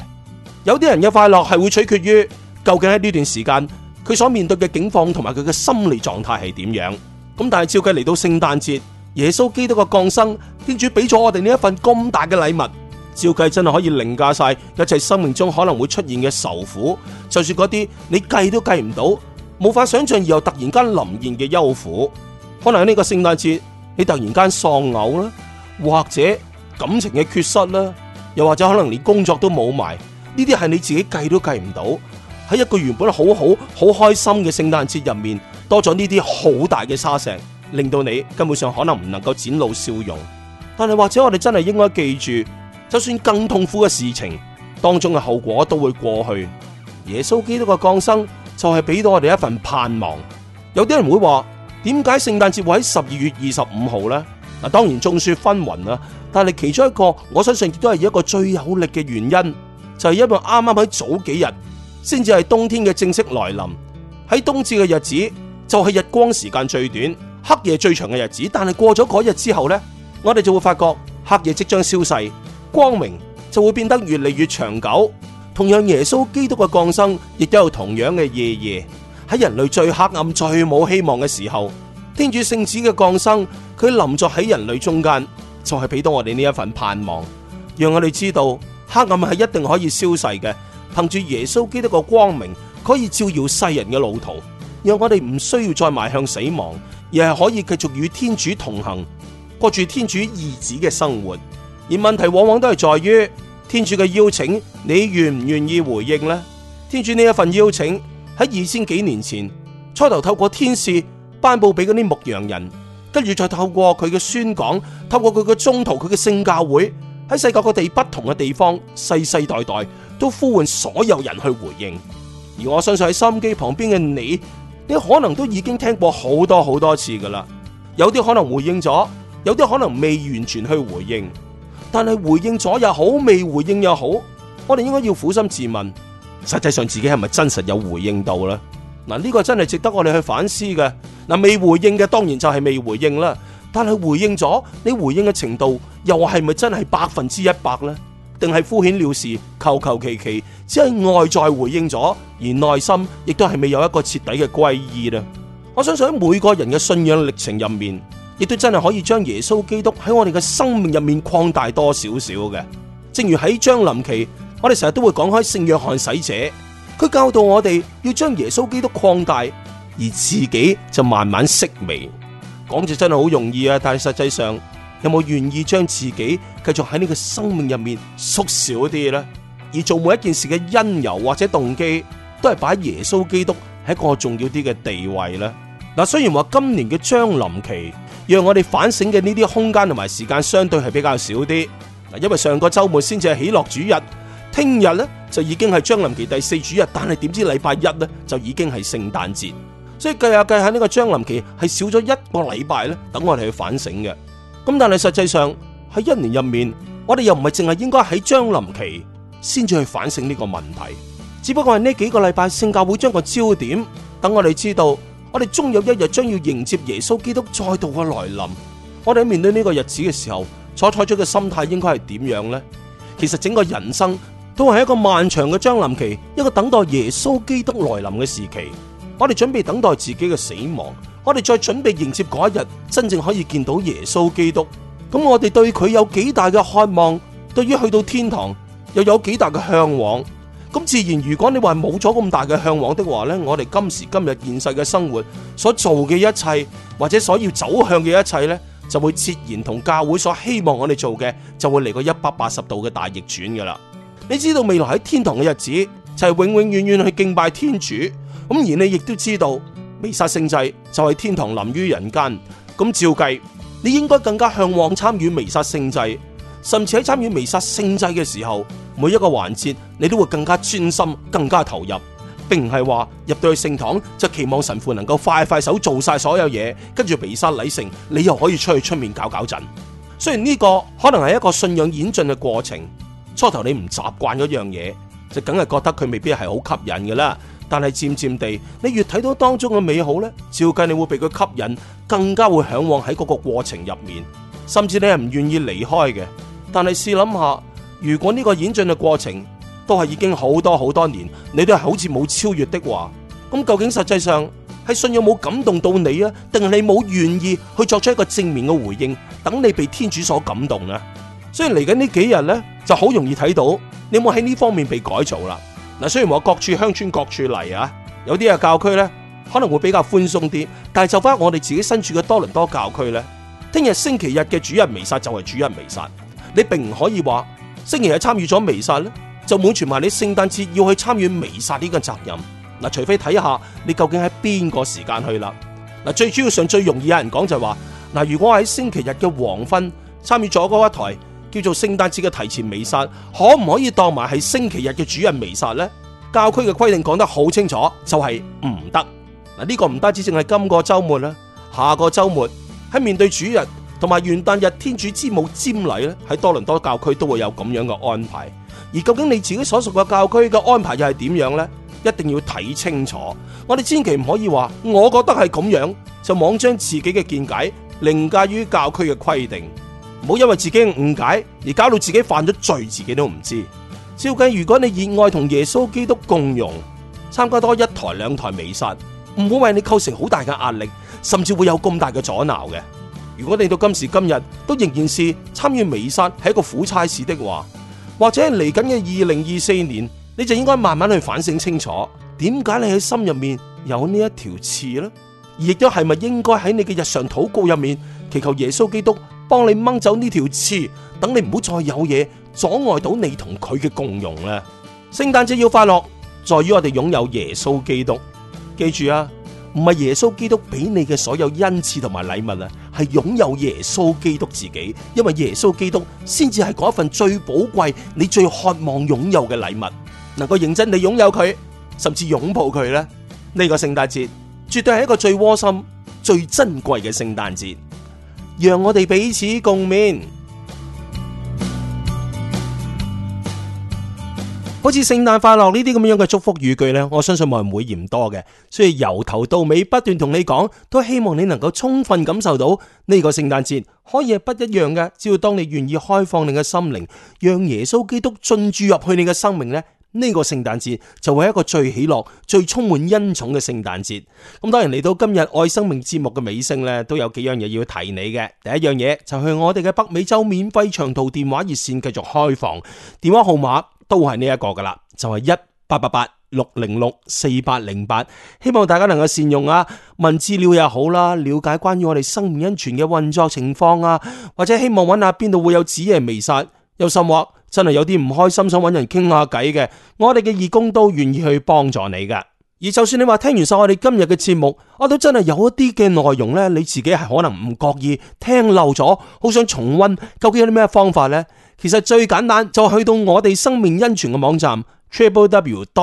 有啲人嘅快樂係會取決於究竟喺呢段時間佢所面對嘅境況同埋佢嘅心理狀態係點樣。咁、嗯、但係照計嚟到聖誕節，耶穌基督嘅降生，天主俾咗我哋呢一份咁大嘅禮物，照計真係可以凌駕晒一切生命中可能會出現嘅愁苦，就算嗰啲你計都計唔到、冇法想象而又突然間臨現嘅憂苦，可能喺呢個聖誕節你突然間喪偶啦，或者。感情嘅缺失啦，又或者可能連工作都冇埋，呢啲係你自己計都計唔到。喺一個原本好好、好開心嘅聖誕節入面，多咗呢啲好大嘅沙石，令到你根本上可能唔能夠展露笑容。但係或者我哋真係應該記住，就算更痛苦嘅事情當中嘅後果都會過去。耶穌基督嘅降生就係俾到我哋一份盼望。有啲人會話點解聖誕節會喺十二月二十五號咧？嗱，當然眾說紛紜啦、啊。但係其中一個，我相信亦都係一個最有力嘅原因，就係因為啱啱喺早幾日，先至係冬天嘅正式來臨。喺冬至嘅日子，就係日光時間最短，黑夜最長嘅日子。但係過咗嗰日之後呢，我哋就會發覺黑夜即將消逝，光明就會變得越嚟越長久。同樣，耶穌基督嘅降生亦都有同樣嘅夜夜，喺人類最黑暗、最冇希望嘅時候，天主聖子嘅降生，佢臨在喺人類中間。就係俾到我哋呢一份盼望，讓我哋知道黑暗係一定可以消逝嘅，憑住耶穌基督個光明可以照耀世人嘅路途，讓我哋唔需要再邁向死亡，而係可以繼續與天主同行，過住天主兒子嘅生活。而問題往往都係在於天主嘅邀請，你願唔願意回應呢？天主呢一份邀請喺二千幾年前初頭透過天使頒布俾嗰啲牧羊人。跟住再透過佢嘅宣講，透過佢嘅中途，佢嘅聖教會喺世界各地不同嘅地方，世世代代都呼喚所有人去回應。而我相信喺收音機旁邊嘅你，你可能都已經聽過好多好多次㗎喇。有啲可能回應咗，有啲可能未完全去回應。但係回應咗又好，未回應又好，我哋應該要苦心自問，實際上自己係咪真實有回應到呢？嗱，呢個真係值得我哋去反思嘅。嗱，未回應嘅當然就係未回應啦。但係回應咗，你回應嘅程度又係咪真係百分之一百呢？定係敷衍了事、求求其其，只係外在回應咗，而內心亦都係未有一個徹底嘅歸依呢？我相信每個人嘅信仰歷程入面，亦都真係可以將耶穌基督喺我哋嘅生命入面擴大多少少嘅。正如喺將臨期，我哋成日都會講開聖若翰洗者，佢教導我哋要將耶穌基督擴大。而自己就慢慢熄微，講就真係好容易啊！但係實際上有冇願意將自己繼續喺呢個生命入面縮小啲呢？而做每一件事嘅因由或者動機，都係擺耶穌基督喺一個重要啲嘅地位呢。嗱，雖然話今年嘅將臨期讓我哋反省嘅呢啲空間同埋時間相對係比較少啲，嗱，因為上個周末先至係喜樂主日，聽日呢就已經係將臨期第四主日，但係點知禮拜一呢，就已經係聖誕節。即係計下計下呢個將臨期係少咗一個禮拜咧，等我哋去反省嘅。咁但係實際上喺一年入面，我哋又唔係淨係應該喺將臨期先至去反省呢個問題。只不過係呢幾個禮拜，聖教會將個焦點等我哋知道，我哋終有一日將要迎接耶穌基督再度嘅來臨。我哋喺面對呢個日子嘅時候，所採取嘅心態應該係點樣呢？其實整個人生都係一個漫長嘅將臨期，一個等待耶穌基督來臨嘅時期。我哋準備等待自己嘅死亡，我哋再準備迎接嗰一日真正可以見到耶穌基督。咁我哋對佢有幾大嘅渴望，對於去到天堂又有幾大嘅嚮往？咁自然，如果你話冇咗咁大嘅嚮往的話呢，我哋今時今日現世嘅生活所做嘅一切，或者所要走向嘅一切呢，就會切然同教會所希望我哋做嘅，就會嚟個一百八十度嘅大逆轉噶啦。你知道未來喺天堂嘅日子就係永永遠遠去敬拜天主。咁而你亦都知道彌撒聖祭就係天堂臨於人間，咁照計你應該更加向往參與彌撒聖祭，甚至喺參與彌撒聖祭嘅時候，每一個環節你都會更加專心、更加投入，並唔係話入到去聖堂就期望神父能夠快快手做晒所有嘢，跟住彌撒禮成，你又可以出去出面搞搞陣。雖然呢個可能係一個信仰演進嘅過程，初頭你唔習慣嗰樣嘢，就梗係覺得佢未必係好吸引㗎喇。但係漸漸地，你越睇到當中嘅美好呢，照計你會被佢吸引，更加會向往喺嗰個過程入面，甚至你係唔願意離開嘅。但係試諗下，如果呢個演進嘅過程都係已經好多好多年，你都係好似冇超越的話，咁究竟實際上係信有冇感動到你啊？定係你冇願意去作出一個正面嘅回應，等你被天主所感動呢？所以嚟緊呢幾日呢，就好容易睇到你有冇喺呢方面被改造啦。嗱，雖然我各處鄉村各處嚟啊，有啲嘅教區咧可能會比較寬鬆啲，但係就返我哋自己身處嘅多倫多教區咧，聽日星期日嘅主日彌撒就係主日彌撒，你並唔可以話星期日參與咗彌撒咧，就滿全埋你聖誕節要去參與彌撒呢個責任。嗱，除非睇下你究竟喺邊個時間去啦。嗱，最主要上最容易有人講就係話，嗱，如果我喺星期日嘅黃昏參與咗嗰一台。叫做聖誕節嘅提前彌撒，可唔可以當埋係星期日嘅主日彌撒呢？教區嘅規定講得好清楚，就係唔得。嗱，呢個唔單止淨係今個周末啦，下個周末喺面對主日同埋元旦日天主之母瞻禮咧，喺多倫多教區都會有咁樣嘅安排。而究竟你自己所屬嘅教區嘅安排又係點樣呢？一定要睇清楚。我哋千祈唔可以話，我覺得係咁樣，就妄將自己嘅見解凌駕於教區嘅規定。唔好因為自己誤解而搞到自己犯咗罪，自己都唔知。照計，如果你熱愛同耶穌基督共融，參加多一台兩台彌撒，唔會為你構成好大嘅壓力，甚至會有咁大嘅阻撓嘅。如果你到今時今日都仍然是參與彌撒係一個苦差事的話，或者嚟緊嘅二零二四年，你就應該慢慢去反省清楚，點解你喺心入面有一條呢一條刺咧？而亦都係咪應該喺你嘅日常禱告入面祈求耶穌基督？幫你掹走呢條刺，等你唔好再有嘢阻礙到你同佢嘅共融啦。聖誕節要快樂，在於我哋擁有耶穌基督。記住啊，唔係耶穌基督俾你嘅所有恩賜同埋禮物啊，係擁有耶穌基督自己。因為耶穌基督先至係嗰份最寶貴、你最渴望擁有嘅禮物。能夠認真地擁有佢，甚至擁抱佢呢。呢個聖誕節絕對係一個最窩心、最珍貴嘅聖誕節。讓我哋彼此共勉，好似聖誕快樂呢啲咁樣嘅祝福語句呢，我相信冇人會嫌多嘅，所以由頭到尾不斷同你講，都希望你能夠充分感受到呢個聖誕節可以係不一樣嘅，只要當你願意開放你嘅心靈，讓耶穌基督進駐入去你嘅生命呢。呢個聖誕節就會係一個最喜樂、最充滿恩寵嘅聖誕節。咁當然嚟到今日愛生命節目嘅尾聲呢，都有幾樣嘢要提你嘅。第一樣嘢就係我哋嘅北美洲免費長途電話熱線繼續開放，電話號碼都係呢一個噶啦，就係一八八八六零六四八零八。希望大家能夠善用啊，問資料也好啦，了解關於我哋生命恩泉嘅運作情況啊，或者希望揾下邊度會有子夜彌撒，有甚或。真係有啲唔開心，想揾人傾下偈嘅，我哋嘅義工都願意去幫助你嘅。而就算你話聽完晒我哋今日嘅節目，我都真係有一啲嘅內容呢，你自己係可能唔覺意聽漏咗，好想重溫，究竟有啲咩方法呢？其實最簡單就去到我哋生命恩泉嘅網站 www.fll.cc，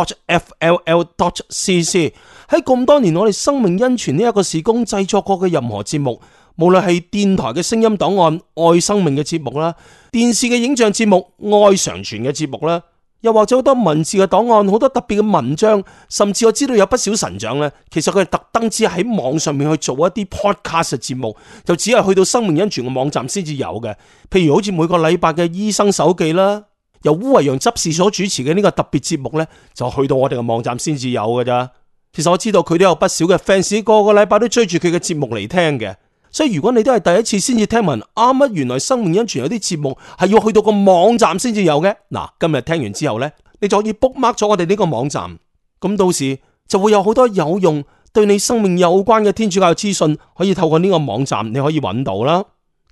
喺咁多年我哋生命恩泉呢一個時工製作過嘅任何節目。無論係電台嘅聲音檔案《愛生命》嘅節目啦，電視嘅影像節目《愛常傳》嘅節目啦，又或者好多文字嘅檔案，好多特別嘅文章，甚至我知道有不少神長咧，其實佢係特登只係喺網上面去做一啲 podcast 嘅節目，就只係去到生命恩泉嘅網站先至有嘅。譬如好似每個禮拜嘅醫生手記啦，由烏維揚執事所主持嘅呢個特別節目咧，就去到我哋嘅網站先至有嘅咋，其實我知道佢都有不少嘅 fans，個個禮拜都追住佢嘅節目嚟聽嘅。所以如果你都係第一次先至聽聞，啱、啊、乜原來生命恩泉有啲節目係要去到個網站先至有嘅。嗱，今日聽完之後呢，你就可以 book mark 咗我哋呢個網站，咁到時就會有好多有用對你生命有關嘅天主教資訊，可以透過呢個網站你可以揾到啦。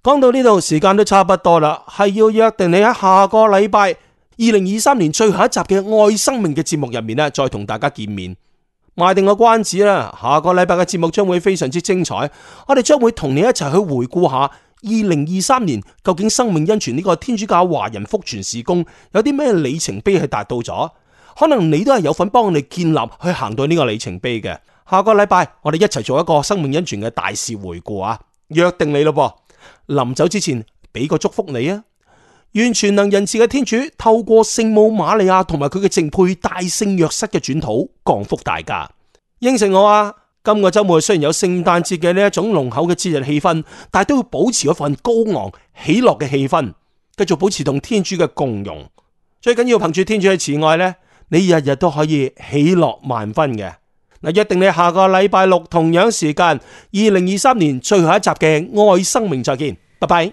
講到呢度時間都差不多啦，係要約定你喺下個禮拜二零二三年最後一集嘅愛生命嘅節目入面呢，再同大家見面。賣定個關子啦，下個禮拜嘅節目將會非常之精彩，我哋將會同你一齊去回顧下二零二三年究竟生命恩泉呢個天主教華人福傳事工有啲咩里程碑係達到咗，可能你都係有份幫我哋建立去行到呢個里程碑嘅。下個禮拜我哋一齊做一個生命恩泉嘅大事回顧啊！約定你咯，臨走之前俾個祝福你啊！願全能仁慈嘅天主透過聖母瑪利亞同埋佢嘅淨配大聖若瑟嘅轉禱降福大家。應承我啊，今個週末雖然有聖誕節嘅呢一種濃厚嘅節日氣氛，但係都要保持嗰份高昂喜樂嘅氣氛，繼續保持同天主嘅共融。最緊要憑住天主嘅慈愛呢，你日日都可以喜樂萬分嘅。嗱，約定你下個禮拜六同樣時間，二零二三年最後一集嘅愛生命，再見，拜拜。